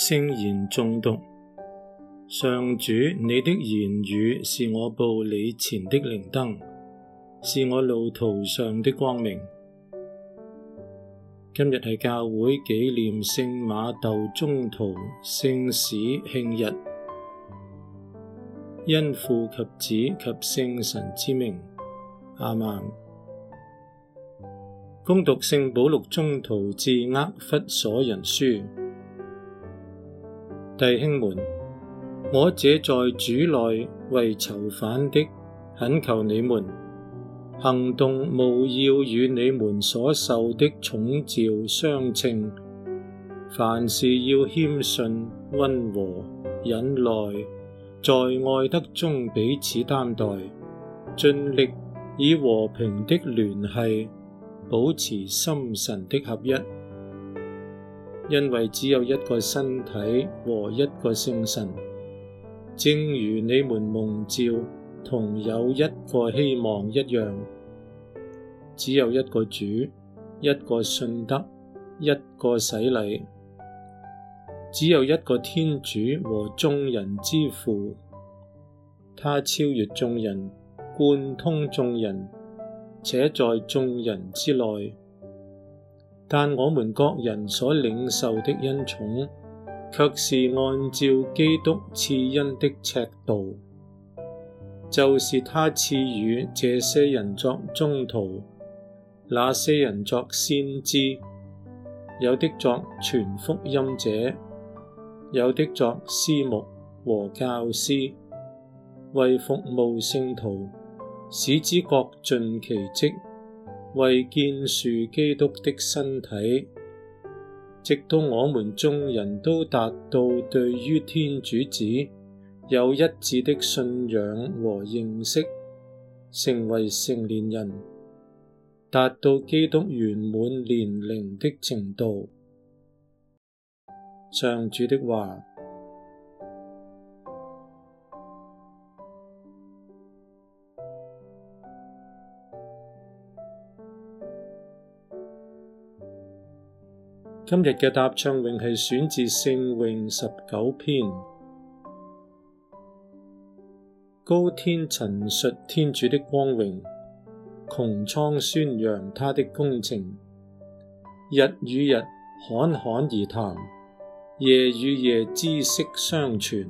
聖言中毒，上主，你的言語是我布你前的靈燈，是我路途上的光明。今日係教會紀念聖馬竇中途聖使慶日，因父及子及聖神之名，阿曼攻讀聖保禄中途至厄弗所人書。弟兄們，我這在主內為囚犯的，懇求你們行動，務要與你們所受的寵召相稱。凡事要謙遜、温和、忍耐，在愛德中彼此擔待，盡力以和平的聯繫，保持心神的合一。因為只有一個身體和一個聖神，正如你們蒙召同有一個希望一樣，只有一個主、一個信德、一個洗禮，只有一個天主和眾人之父。他超越眾人，貫通眾人，且在眾人之內。但我們各人所領受的恩寵，却是按照基督賜恩的尺度，就是他賜予這些人作宗徒，那些人作先知，有的作傳福音者，有的作司牧和教師，為服務聖徒，使之各盡其職。為建樹基督的身體，直到我們眾人都達到對於天主子有一致的信仰和認識，成為成年人，達到基督圓滿年齡的程度。上主的話。今日嘅答唱詠係選自聖詠十九篇。高天陳述天主的光榮，穹蒼宣揚他的工程。日與日侃侃而談，夜與夜知識相傳，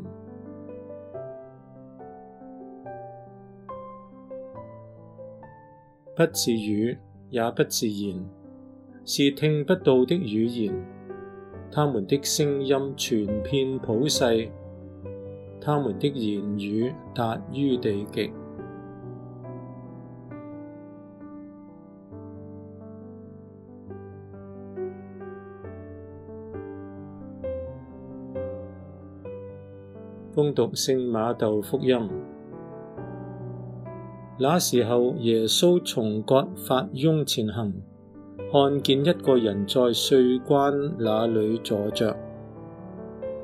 不是語，也不是言。是聽不到的語言，他們的聲音傳遍普世，他們的言語達於地極。恭 讀聖馬竇福音。那時候，耶穌從葛法翁前行。看見一個人在稅關那裏坐着，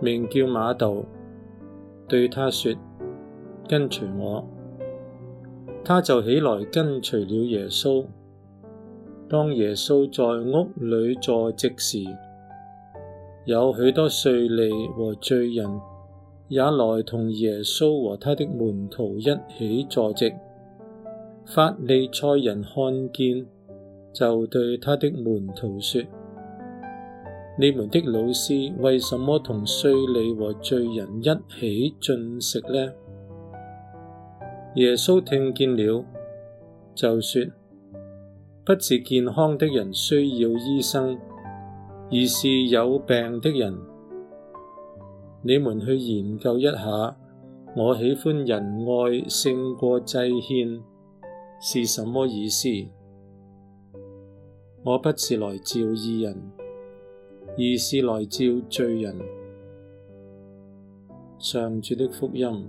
名叫瑪竇，對他說：跟隨我。他就起來跟隨了耶穌。當耶穌在屋裏坐席時，有許多稅吏和罪人也來同耶穌和他的門徒一起坐席。法利賽人看見，就對他的門徒說：你們的老師為什麼同稅吏和罪人一起進食呢？耶穌聽見了，就說：不是健康的人需要醫生，而是有病的人。你們去研究一下，我喜歡仁愛勝過祭獻是什麼意思？我不是來召義人，而是來召罪人。上主的福音。